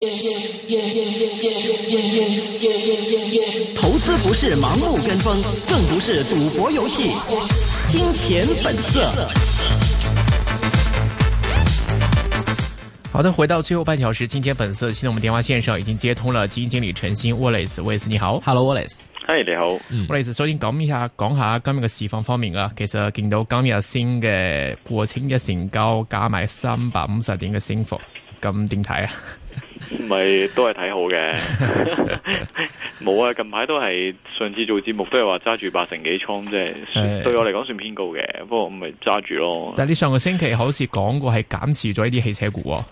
投資不是盲目跟風，更不是賭博遊戲。金錢本色。好的，回到最後半小時，金錢本色。現在我們電話線上已經接通了基金經理陳昕 Wallace，Wallace 你好，Hello Wallace，h 嗨，你好，Wallace 首先講一下，講下今日嘅市況方面啊，其實見到今日新嘅國企嘅成交，加埋三百五十點嘅升幅，咁點睇啊？唔係 都係睇好嘅，冇 啊！近排都係，上次做節目都係話揸住八成幾倉，即係是對我嚟講算偏高嘅，不過唔係揸住咯。但係你上個星期好似講過係減持咗呢啲汽車股，哦。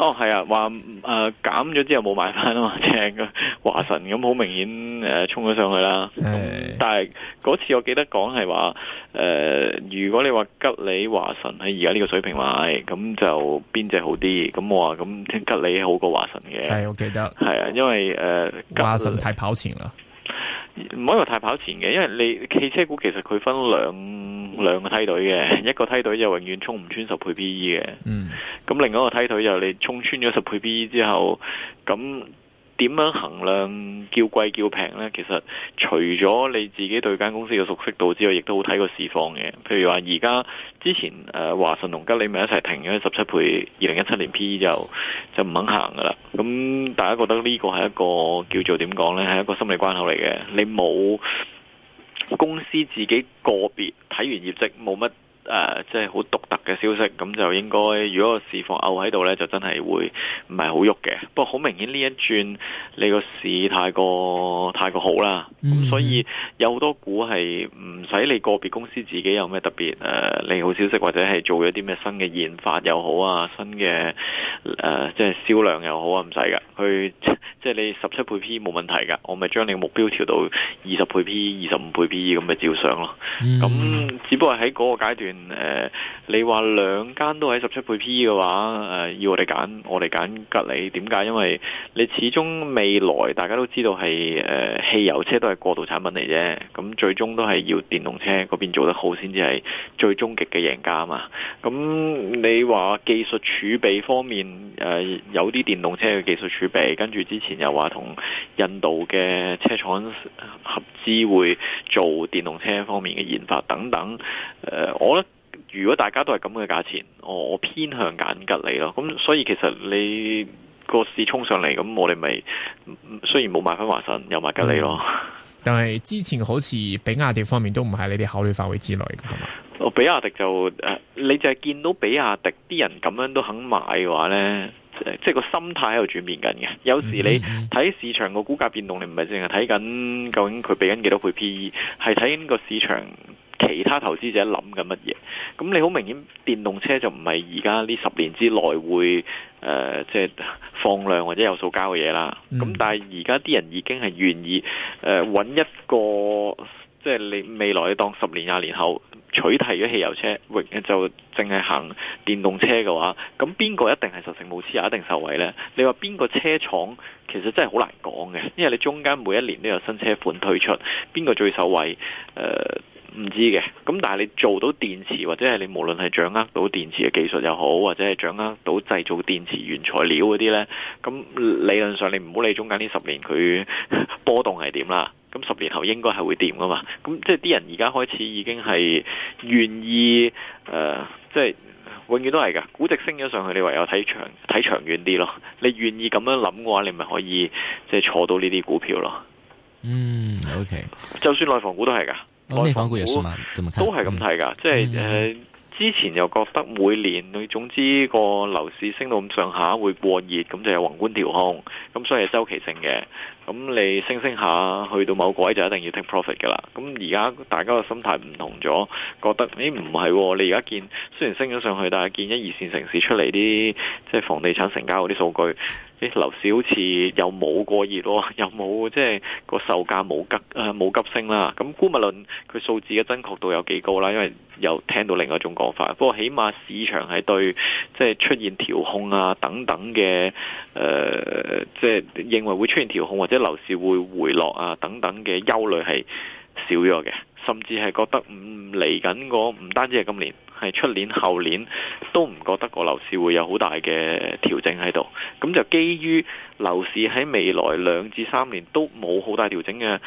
哦，係啊，話誒減咗之後冇買翻啊嘛，聽個華晨咁好明顯誒衝咗上去啦。但係嗰次我記得講係話誒，如果你話吉利華晨喺而家呢個水平買，咁就邊隻好啲？咁我話咁、嗯、吉利好過華晨嘅。係、哎、我記得，係啊，因為誒華、呃、晨太跑前啦。唔可以話太跑前嘅，因為你汽車股其實佢分兩兩個梯隊嘅，一個梯隊就永遠衝唔穿十倍 PE 嘅，咁、嗯、另外一個梯隊就你衝穿咗十倍 PE 之後，咁。點樣衡量叫貴叫平呢？其實除咗你自己對間公司嘅熟悉度之外，亦都好睇個市況嘅。譬如話，而家之前誒、啊、華晨同吉利你咪一齊停咗十七倍二零一七年 PE 就就唔肯行噶啦。咁大家覺得呢個係一個叫做點講呢？係一個心理關口嚟嘅。你冇公司自己個別睇完業績冇乜。誒、呃，即係好獨特嘅消息，咁就應該如果個市況漚喺度呢，就真係會唔係好喐嘅。不過好明顯呢一轉，你個市太過太過好啦，咁、嗯、所以有好多股係唔使你個別公司自己有咩特別誒利好消息，或者係做咗啲咩新嘅研發又好啊，新嘅誒、呃、即係銷量又好啊，唔使噶。去即係你十七倍 P 冇問題噶，我咪將你目標調到二十倍 P、二十五倍 P 咁咪照上咯。咁、嗯、只不過喺嗰個階段。誒、呃，你話兩間都喺十七倍 P 嘅話，誒、呃，要我哋揀，我哋揀吉利點解？因為你始終未來大家都知道係誒、呃、汽油車都係過渡產品嚟啫，咁、嗯、最終都係要電動車嗰邊做得好先至係最終極嘅贏家嘛。咁、嗯、你話技術儲備方面誒、呃，有啲電動車嘅技術儲備，跟住之前又話同印度嘅車廠合資會做電動車方面嘅研發等等，誒、呃，我咧。如果大家都係咁嘅價錢，我偏向揀吉利咯。咁所以其實你個市衝上嚟，咁我哋咪雖然冇買翻華晨，又買吉利咯、嗯。但係之前好似比亞迪方面都唔係你哋考慮範圍之內。比亞迪就誒，你就係見到比亞迪啲人咁樣都肯買嘅話呢，即係個心態喺度轉變緊嘅。有時你睇市場個股價變動，你唔係淨係睇緊究竟佢比緊幾多倍 PE，係睇緊個市場。其他投資者諗緊乜嘢？咁你好明顯，電動車就唔係而家呢十年之內會誒，即、呃、係、就是、放量或者有數交嘅嘢啦。咁、嗯、但係而家啲人已經係願意誒揾、呃、一個，即、就、係、是、你未來你當十年廿年後取締咗汽油車，永就淨係行電動車嘅話，咁邊個一定係實成無恥啊？一定受惠呢？你話邊個車廠其實真係好難講嘅，因為你中間每一年都有新車款推出，邊個最受惠？誒、呃？唔知嘅，咁但係你做到電池或者係你無論係掌握到電池嘅技術又好，或者係掌握到製造電池原材料嗰啲呢，咁理論上你唔好理中間呢十年佢波動係點啦，咁十年後應該係會掂噶嘛。咁即係啲人而家開始已經係願意誒，即、呃、係、就是、永遠都係噶，估值升咗上去，你唯有睇長睇長遠啲咯。你願意咁樣諗嘅話，你咪可以即係坐到呢啲股票咯。嗯，OK，就算內房股都係噶。嗯、外房股都係咁睇㗎，嗯、即係誒、呃、之前又覺得每年你總之個樓市升到咁上下會過熱，咁就有宏觀調控，咁所以係周期性嘅。咁你升升下去到某個位就一定要 take profit 嘅啦。咁而家大家嘅心態唔同咗，覺得咦唔係喎？你而家見雖然升咗上去，但係見一二線城市出嚟啲即係房地產成交嗰啲數據，啲、欸、樓市好似又冇過熱喎、哦，又冇即係個售價冇急冇、呃、急升啦。咁姑勿論佢數字嘅準確度有幾高啦，因為又聽到另外一種講法。不過起碼市場係對即係、就是、出現調控啊等等嘅誒，即、呃、係、就是、認為會出現調控或者，樓市會回落啊，等等嘅憂慮係少咗嘅，甚至係覺得唔嚟緊個，唔、嗯、單止係今年。係出年、後年都唔覺得個樓市會有好大嘅調整喺度，咁就基於樓市喺未來兩至三年都冇好大調整嘅啊、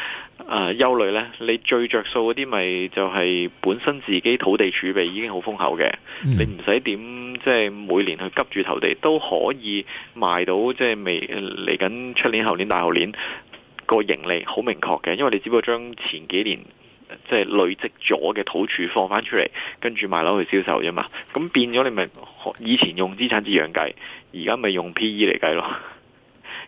呃、憂慮呢，你最着數嗰啲咪就係本身自己土地儲備已經好豐厚嘅，你唔使點即係每年去急住投地都可以賣到即係未嚟緊出年、後年、大後年，個盈利好明確嘅，因為你只不過將前幾年，即係累積咗嘅土儲放翻出嚟，跟住賣樓去銷售啫嘛。咁變咗你咪以前用資產值養計，而家咪用 P/E 嚟計咯。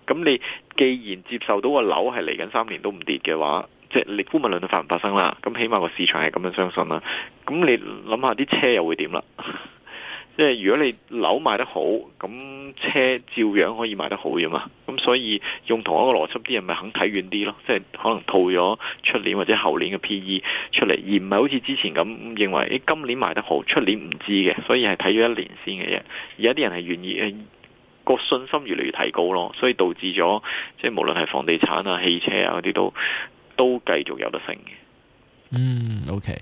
咁 你既然接受到個樓係嚟緊三年都唔跌嘅話，即、就、係、是、你估咪論都發唔發生啦。咁起碼個市場係咁樣相信啦。咁你諗下啲車又會點啦？ 即係如果你樓賣得好，咁車照樣可以賣得好嘅嘛。咁所以用同一個邏輯，啲人咪肯睇遠啲咯。即係可能套咗出年或者後年嘅 PE 出嚟，而唔係好似之前咁認為今年賣得好，出年唔知嘅。所以係睇咗一年先嘅啫。而家啲人係願意誒個信心越嚟越提高咯，所以導致咗即係無論係房地產啊、汽車啊嗰啲都都繼續有得升嘅。嗯，OK。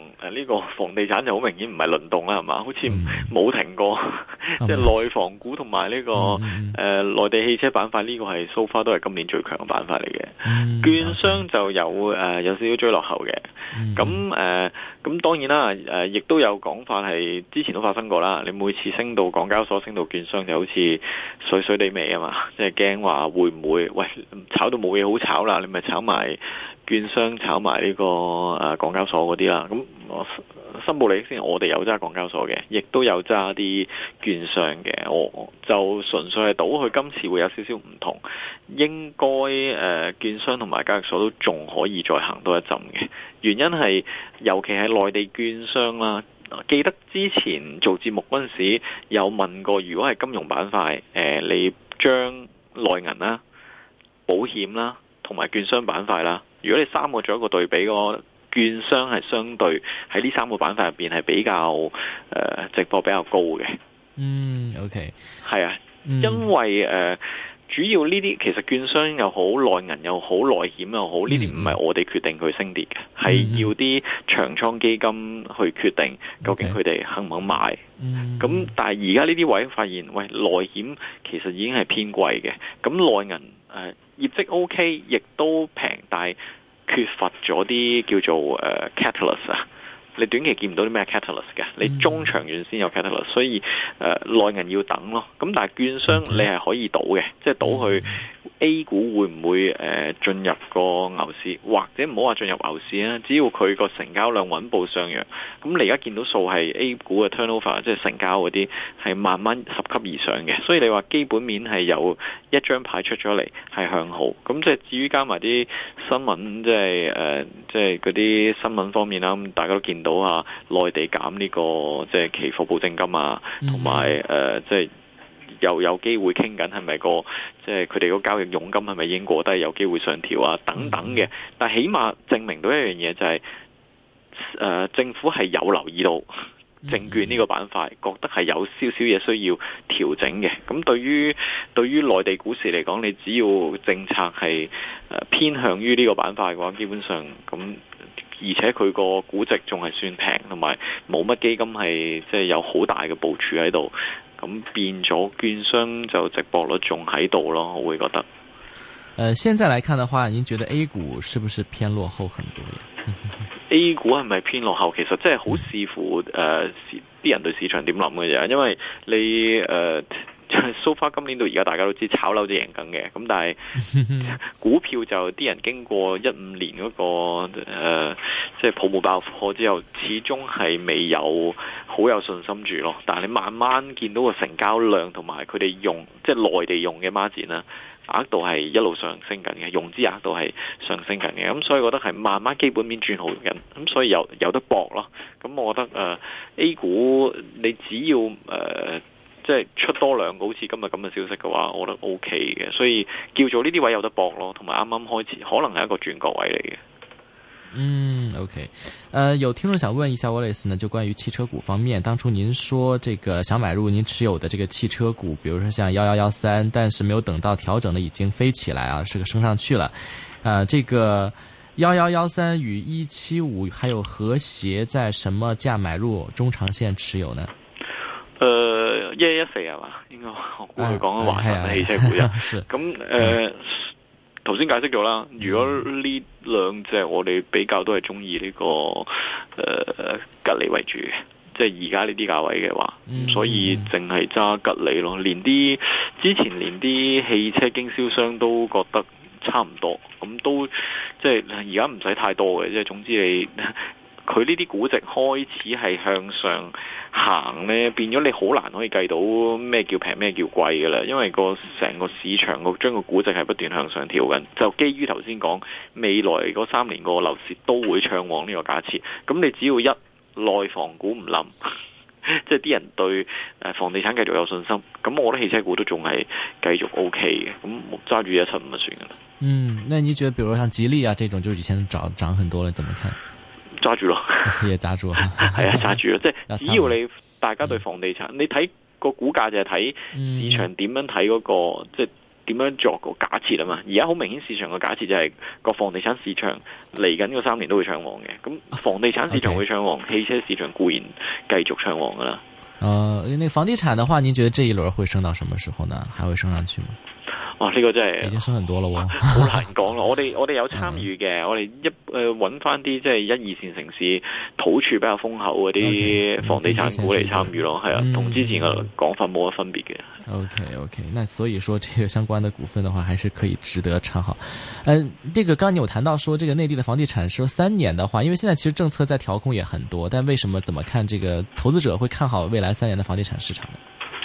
誒，呢個房地產就好明顯唔係輪動啦，係嘛？好似冇停過，即 係內房股同埋呢個誒吧、呃、內地汽車板塊呢、這個係 so far 都係今年最強嘅板塊嚟嘅。券商，就有誒有少少追落後嘅。咁誒咁當然啦，誒、呃、亦都有講法係之前都發生過啦。你每次升到港交所，升到券商就好似水水地尾啊嘛，即係驚話會唔會喂，炒到冇嘢好炒啦，你咪炒埋券商，炒埋呢、這個誒港交所嗰啲啦。咁、啊啊啊啊我申報利益先，我哋有揸港交所嘅，亦都有揸啲券商嘅。我就純粹係賭佢今次會有少少唔同，應該誒、呃、券商同埋交易所都仲可以再行多一陣嘅。原因係尤其係內地券商啦，記得之前做節目嗰陣時有問過，如果係金融板塊，誒、呃，你將內銀啦、保險啦同埋券商板塊啦，如果你三個做一個對比，我。券商係相對喺呢三個板塊入邊係比較誒值博比較高嘅。嗯、mm，OK，係啊，mm. 因為誒、呃、主要呢啲其實券商又好，內銀又好，內險又好，呢啲唔係我哋決定佢升跌嘅，係、mm. 要啲長倉基金去決定、mm. 究竟佢哋肯唔肯買。咁 Okay. 但係而家呢啲位發現，喂，內險其實已經係偏貴嘅，咁內銀誒業績 OK，亦都平，但係，缺乏咗啲叫做誒 Catalyst 啊。你短期見唔到啲咩 catalyst 嘅，你中長遠先有 catalyst，所以誒內銀要等咯。咁但係券商你係可以賭嘅，即係賭佢 A 股會唔會誒進入個牛市，或者唔好話進入牛市啊，只要佢個成交量穩步上揚，咁你而家見到數係 A 股嘅 turnover，即係成交嗰啲係慢慢十級以上嘅，所以你話基本面係有一張牌出咗嚟係向好。咁即係至於加埋啲新聞即係誒即係嗰啲新聞方面啦，咁大家都見到。好啊！內地減呢、這個即係期貨保證金啊，同埋誒，即係又有機會傾緊係咪個即係佢哋個交易佣金係咪已經過低，有機會上調啊，等等嘅。但係起碼證明到一樣嘢就係、是呃、政府係有留意到證券呢個板塊，覺得係有少少嘢需要調整嘅。咁對於對於內地股市嚟講，你只要政策係、呃、偏向於呢個板塊嘅話，基本上咁。而且佢個估值仲係算平，同埋冇乜基金係即係有好大嘅部署喺度，咁變咗券商就值博率仲喺度咯，我會覺得。誒、呃，現在來看的話，你覺得 A 股是不是偏落後很多 ？A 股係咪偏落後？其實即係好視乎誒啲、呃、人對市場點諗嘅嘢，因為你誒。呃就係蘇花，so、far，今年到而家大家都知炒樓就贏緊嘅，咁但係 股票就啲人經過一五年嗰、那個即係、呃就是、泡沫爆破之後，始終係未有好有信心住咯。但係你慢慢見到個成交量同埋佢哋用，即係內地用嘅孖展啦，額度係一路上升緊嘅，融資額度係上升緊嘅，咁、嗯、所以覺得係慢慢基本面轉好緊，咁、嗯、所以有有得搏咯。咁、嗯、我覺得誒、呃、A 股你只要誒。呃即係出多兩個好似今日咁嘅消息嘅話，我覺得 O K 嘅，所以叫做呢啲位有得搏咯，同埋啱啱開始可能係一個轉角位嚟嘅。嗯，O K，誒，有聽眾想問一下 Wallace 呢，就關於汽車股方面，當初您說這個想買入您持有的這個汽車股，比如說像幺幺幺三，但是沒有等到調整呢，已經飛起來啊，是個升上去了。啊、呃，這個幺幺幺三與一七五還有和諧在什麼價買入中長線持有呢？誒，一一四係嘛？應該我估佢講緊華晨汽車股啊。咁誒，頭先解釋咗啦。 如果呢兩隻我哋比較都係中意呢個誒吉利為主嘅，即係而家呢啲價位嘅話， 所以淨係揸吉利咯。連啲之前連啲汽車經銷商都覺得差唔多，咁都即係而家唔使太多嘅。即係總之你。 佢呢啲估值開始係向上行呢，變咗你好難可以計到咩叫平咩叫貴噶啦。因為個成個市場個將個估值係不斷向上調緊，就基於頭先講未來嗰三年個樓市都會暢旺呢個假設。咁你只要一內房股唔冧，即係啲人對房地產繼續有信心，咁我覺得汽車股都仲係繼續 O K 嘅。咁揸住一七五就算啦。嗯，那你覺得，比如像吉利啊，這種就以前漲漲很多了，怎麼看？揸住咯，嘢揸 住，係啊，揸住咯！即係只要你 大家對房地產， 你睇個股價就係睇市場點樣睇嗰、那個，嗯、即係點樣作個假設啊嘛。而家好明顯市場個假設就係個房地產市場嚟緊嗰三年都會暢旺嘅。咁房地產市場會暢旺，啊 okay. 汽車市場固然繼續暢旺噶啦。誒、呃，房地產的話，你覺得這一輪會升到什麼時候呢？還會升上去嗎？哇！呢、這個真係，已經升很多咯，哦， 好難講咯。我哋我哋有參與嘅，我哋、嗯、一誒揾翻啲即係一二線城市土處比較豐厚嗰啲房地產股嚟參與咯，係啊、嗯，同、嗯、之前嘅講法冇乜分別嘅、嗯。OK OK，那所以說，這個相關嘅股份的話，還是可以值得參考。嗯、呃，這個剛你有談到說，這個內地的房地產，說三年的話，因為現在其實政策在調控也很多，但為什麼怎麼看這個投資者會看好未來三年的房地產市場呢？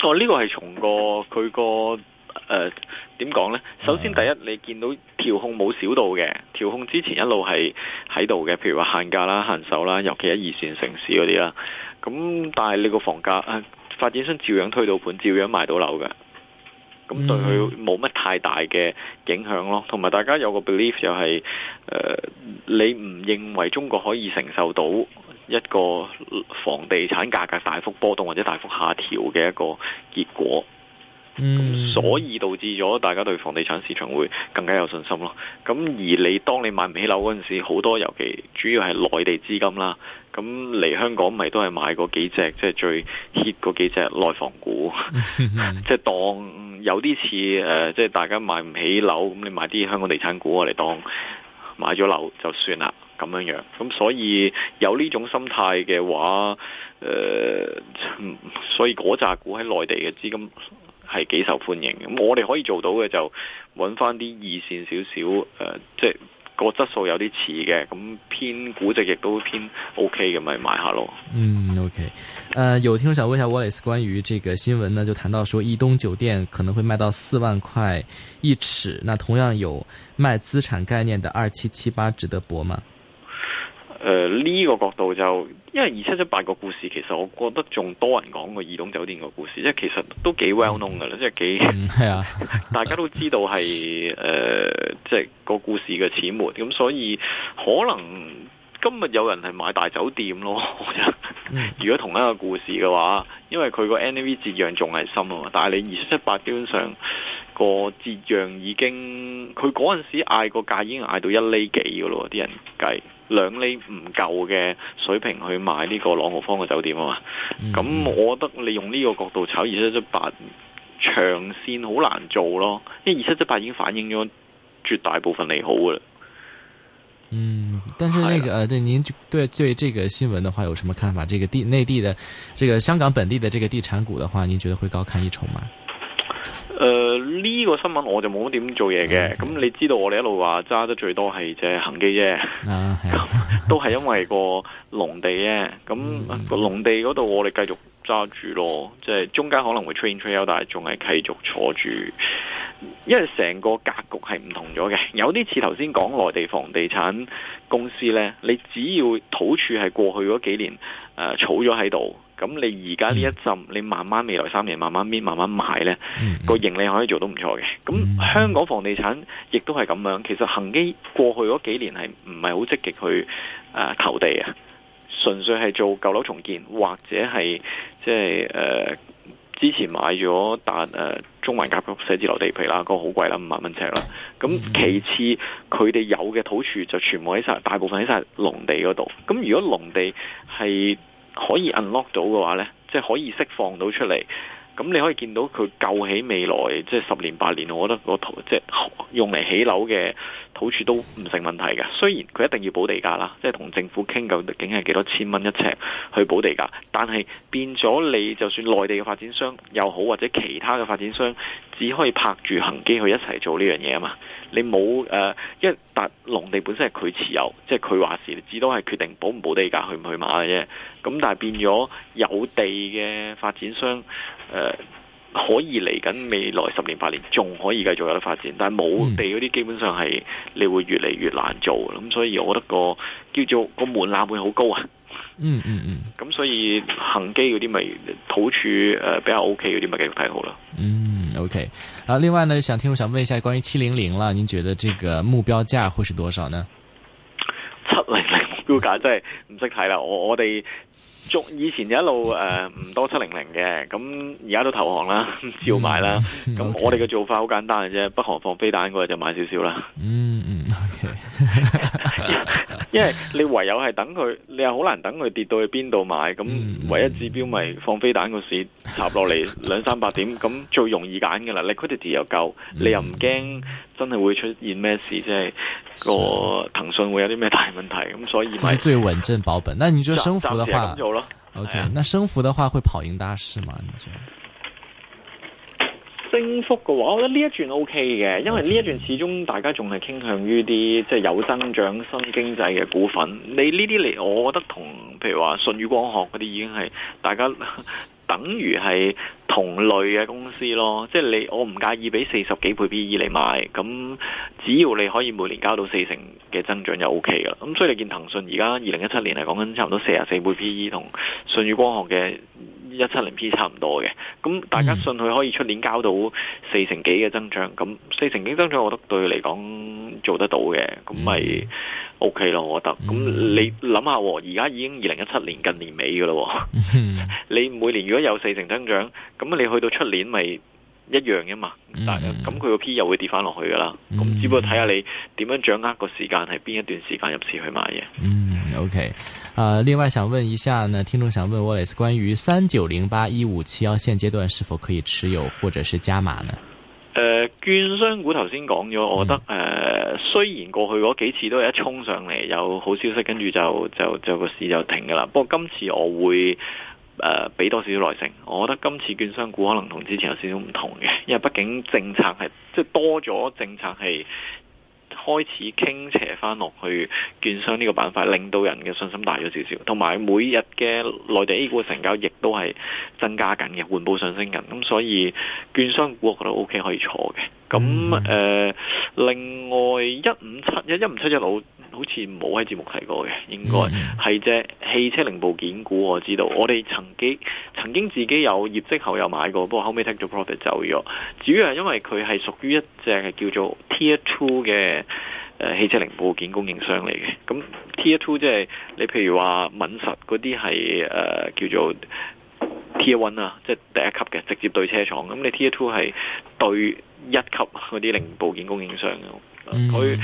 哦，呢、這個係從個佢個。誒，點講呢？首先第一，你見到調控冇少到嘅，調控之前一路係喺度嘅，譬如話限價啦、限售啦，尤其喺二線城市嗰啲啦。咁但係你個房價，誒、呃，發展商照樣推到盤，照樣賣到樓嘅。咁對佢冇乜太大嘅影響咯。同埋大家有個 belief 就係、是，誒、呃，你唔認為中國可以承受到一個房地產價格大幅波動或者大幅下調嘅一個結果？咁、嗯、所以導致咗大家對房地產市場會更加有信心咯。咁而你當你買唔起樓嗰陣時，好多尤其主要係內地資金啦，咁嚟香港咪都係買嗰幾隻即係、就是、最 hit 嗰幾隻內房股，即係 當有啲似，誒、呃，即、就、係、是、大家買唔起樓，咁你買啲香港地產股嚟當買咗樓就算啦，咁樣樣。咁所以有呢種心態嘅話，誒、呃，所以嗰扎股喺內地嘅資金。係幾受歡迎，咁我哋可以做到嘅就揾翻啲二線少少，誒、呃，即係個質素有啲似嘅，咁偏估值亦都偏 O K 嘅，咪買下咯。嗯，O K，誒，有聽眾想問下 Wallace 關於呢個新聞呢，就談到說逸東酒店可能會賣到四萬塊一尺，那同樣有賣資產概念的二七七八值得博嗎？誒、呢、呃，這個角度就，因為二七七八個故事，其實我覺得仲多人講過怡東酒店個故事，即係其實都幾 well known 噶啦，嗯、即係幾，係、嗯、啊， 大家都知道係誒、呃，即係個故事嘅始末，咁、嗯、所以可能今日有人係買大酒店咯，如果同一個故事嘅話，因為佢個 NAV 折讓仲係深啊，嘛，但係你二七七八基本上個折讓已經，佢嗰陣時嗌個價已經嗌到一厘幾噶咯，啲人計。兩厘唔夠嘅水平去買呢個朗豪坊嘅酒店啊嘛，咁、嗯、我覺得你用呢個角度炒二七七八，長線好難做咯，因為二七七八已經反映咗絕大部分利好噶啦。嗯，但是呢、那個，對的、啊、您對對這個新聞的話，有什麼看法？這個地內地的，這個香港本地的這個地產股的話，您覺得會高看一籌嗎？誒、呢、呃，這個新聞我就冇點做嘢嘅，咁 Okay.、嗯、你知道我哋一路話揸得最多係即係恒基啫，oh, yeah. 都係因為個農地咧，咁個農地嗰度我哋繼續揸住咯，即係中間可能會 train t r a i l 但係仲係繼續坐住，因為成個格局係唔同咗嘅，有啲似頭先講內地房地產公司呢，你只要土處係過去嗰幾年誒儲咗喺度。呃咁你而家呢一浸，你慢慢未來三年慢慢搣，慢慢賣呢個盈利可以做到唔錯嘅。咁香港房地產亦都係咁樣，其實恒基過去嗰幾年係唔係好積極去誒投、呃、地啊，純粹係做舊樓重建，或者係即係誒之前買咗但誒中環甲級寫字樓地皮啦，嗰個好貴啦，五萬蚊尺啦。咁其次佢哋有嘅土儲就全部喺晒，大部分喺晒農地嗰度。咁如果農地係，可以 unlock 到嘅話呢，即係可以釋放到出嚟，咁你可以見到佢救起未來即係、就是、十年八年，我覺得即係、就是、用嚟起樓嘅土儲都唔成問題嘅。雖然佢一定要補地價啦，即係同政府傾究竟係幾多千蚊一尺去補地價，但係變咗你就算內地嘅發展商又好，或者其他嘅發展商，只可以拍住恒基去一齊做呢樣嘢啊嘛。你冇誒，因為、呃、笪農地本身係佢持有，即係佢話事，至多係決定保唔保地價，去唔去買嘅啫。咁但係變咗有地嘅發展商誒、呃，可以嚟緊未來十年八年仲可以繼續有得發展，但係冇地嗰啲基本上係你會越嚟越難做，咁所以我覺得個叫做個門檻會好高啊。嗯嗯嗯，咁、嗯、所以恒基嗰啲咪土儲誒比較 OK 嗰啲咪繼續睇好啦。嗯，OK。啊，另外呢，想聽我想問一下關於七零零啦，您覺得這個目標價會是多少呢？七零零目標價真係唔識睇啦。我我哋以前一路誒唔多七零零嘅，咁而家都投降啦，照買啦。咁、嗯 okay. 我哋嘅做法好簡單嘅啫，北韓放飛彈嗰日就買少少啦。嗯嗯，OK。 因為你唯有係等佢，你又好難等佢跌到去邊度買，咁唯一指標咪放飛彈個市插落嚟兩三百點，咁最容易揀噶啦，你 liquidity 又夠， 你又唔驚真係會出現咩事，即係個騰訊會有啲咩大問題，咁所以咪最穩陣保本。那你覺得升幅嘅話做，OK，、啊、那升幅嘅話會跑贏大市嘛？你覺得？升幅嘅話，我覺得呢一轉 O K 嘅，因為呢一轉始終大家仲係傾向於啲即係有增長新經濟嘅股份。你呢啲嚟，我覺得同譬如話舜宇光學嗰啲已經係大家等於係同類嘅公司咯。即係你我唔介意俾四十幾倍 P E 嚟買，咁只要你可以每年交到四成嘅增長就 O K 噶啦。咁所以你見騰訊而家二零一七年係講緊差唔多四十四倍 P E 同舜宇光學嘅。一七零 P 差唔多嘅，咁大家信佢可以出年交到四成幾嘅增長，咁四成幾增長，我覺得對佢嚟講做得到嘅，咁咪 OK 咯，我覺得。咁你諗下，而家已經二零一七年近年尾嘅咯， 你每年如果有四成增長，咁你去到出年咪一樣嘅嘛？但咁佢個 P 又會跌翻落去噶啦，咁只不過睇下你點樣掌握個時間，係邊一段時間入市去買嘢。嗯 ，OK。啊，另外想問一下呢，聽眾想問我咧，是關於三九零八一五七幺現階段是否可以持有，或者是加碼呢？誒、呃，券商股，頭先講咗，嗯、我覺得誒、呃，雖然過去嗰幾次都係一衝上嚟，有好消息，跟住就就就個市就停㗎喇。不過今次我會誒俾、呃、多少少耐性，我覺得今次券商股可能同之前有少少唔同嘅，因為畢竟政策係即係多咗政策係。開始傾斜翻落去，券商呢個板塊令到人嘅信心大咗少少，同埋每日嘅內地 A 股嘅成交亦都係增加緊嘅，緩步上升緊。咁所以券商股我覺得 OK 可以坐嘅。咁誒、嗯呃，另外一五七一一五七隻老。好似冇喺節目提過嘅，應該係隻汽車零部件股我知道。我哋曾經曾經自己有業績後又買過，不過後尾 take 咗 profit 走咗。主要係因為佢係屬於一隻係叫做 Tier Two 嘅誒、呃、汽車零部件供應商嚟嘅。咁 Tier Two 即係你譬如話敏實嗰啲係誒叫做 Tier One 啊，即係第一級嘅直接對車廠。咁你 Tier Two 係對一級嗰啲零部件供應商佢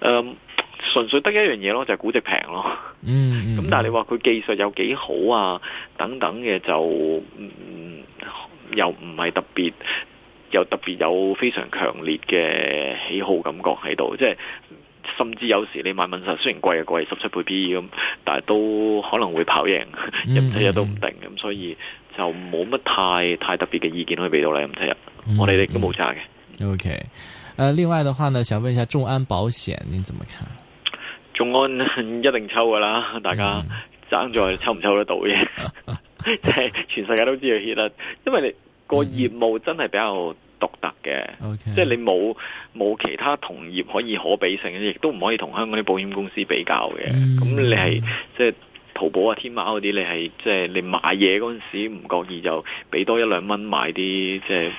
誒。純粹得一樣嘢咯，就係、是、估值平咯。嗯，咁但係你話佢技術有幾好啊？等等嘅就、嗯、又唔係特別，又特別有非常強烈嘅喜好感覺喺度。即係甚至有時你買問實，雖然貴啊貴，十七倍 P E 咁，但係都可能會跑贏。任、嗯、 七日都唔定，咁、嗯、所以就冇乜太太特別嘅意見可以俾到你任七日。嗯、我哋都冇差嘅、嗯。OK，誒、呃，另外嘅話呢，想問一下眾安保險，你怎麼看？眾安一定抽噶啦，大家爭在抽唔抽得到嘅，即 係全世界都知佢 hit 啦，因為你個業務真係比較獨特嘅，Okay. 即係你冇冇其他同業可以可比性，亦都唔可以同香港啲保險公司比較嘅。咁、mm hmm. 你係即係淘寶啊、天貓嗰啲，你係即係你買嘢嗰陣時唔覺意就俾多一兩蚊買啲即係。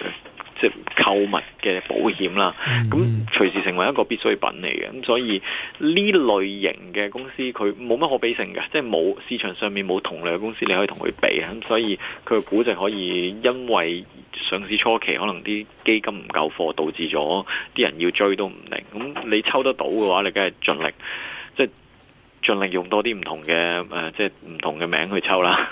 即係購物嘅保險啦，咁、嗯、隨時成為一個必需品嚟嘅，咁所以呢類型嘅公司佢冇乜可比性嘅，即係冇市場上面冇同類公司你可以同佢比，咁所以佢嘅股就可以因為上市初期可能啲基金唔夠貨，導致咗啲人要追都唔定。咁你抽得到嘅話，你梗係盡力，即、就、係、是、盡力用多啲唔同嘅誒，即係唔同嘅名去抽啦，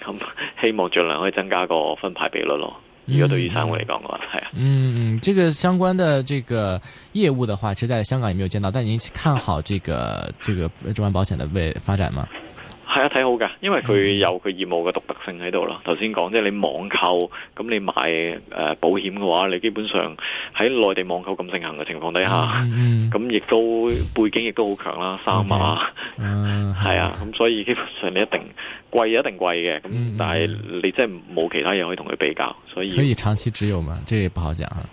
咁 希望儘量可以增加個分派比率咯。呢個對余生我嚟講嘅係啊，嗯嗯，這個相關的這個業務的話，其實在香港也沒有見到，但您看好這個這個中安保險的未發展嗎？係啊，睇好㗎， 嗯、因為佢有佢業務嘅獨特性喺度咯。頭先講，即係你網購，咁你買誒、呃、保險嘅話，你基本上喺內地網購咁盛行嘅情況底下，咁亦、啊嗯、都背景亦都好強啦，三馬係啊，咁所以基本上你一定貴一定貴嘅，咁但係你即係冇其他嘢可以同佢比較，所以要可以長期持有嘛？即也不好講啊。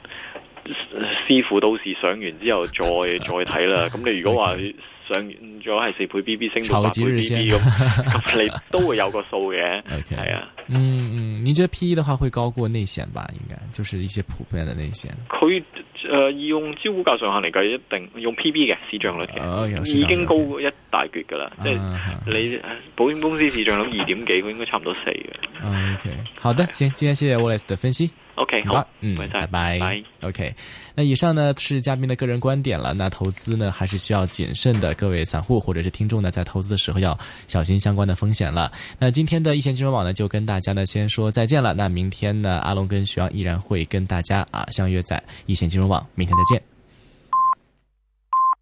師傅到時上完之後再再睇啦。咁、 嗯、你如果話， 上咗係四倍 B B 升到八倍 B B 咁，咁 你都會有個數嘅。OK，係啊。嗯嗯，你覺得 P E 嘅話會高過內線吧？應該就是一些普遍嘅內線，佢誒、呃、用招股價上限嚟計，一定用 P B 嘅市賬率嘅，哦、率已經高過一。解決噶啦，你保險公司市賬都二點幾，佢應該差唔多四嘅。O K，好的，行，今天謝謝 Wallace 的分析。 o Okay , K，好，嗯，拜拜，o K。拜拜 okay. 那以上呢是嘉賓的個人觀點了，那投資呢還是需要謹慎的，各位散戶或者是聽眾呢，在投資的時候要小心相關的風險了。那今天的一線金融網呢，就跟大家呢先說再見了。那明天呢，阿龍跟徐陽依然會跟大家啊相約在一線金融網，明天再見。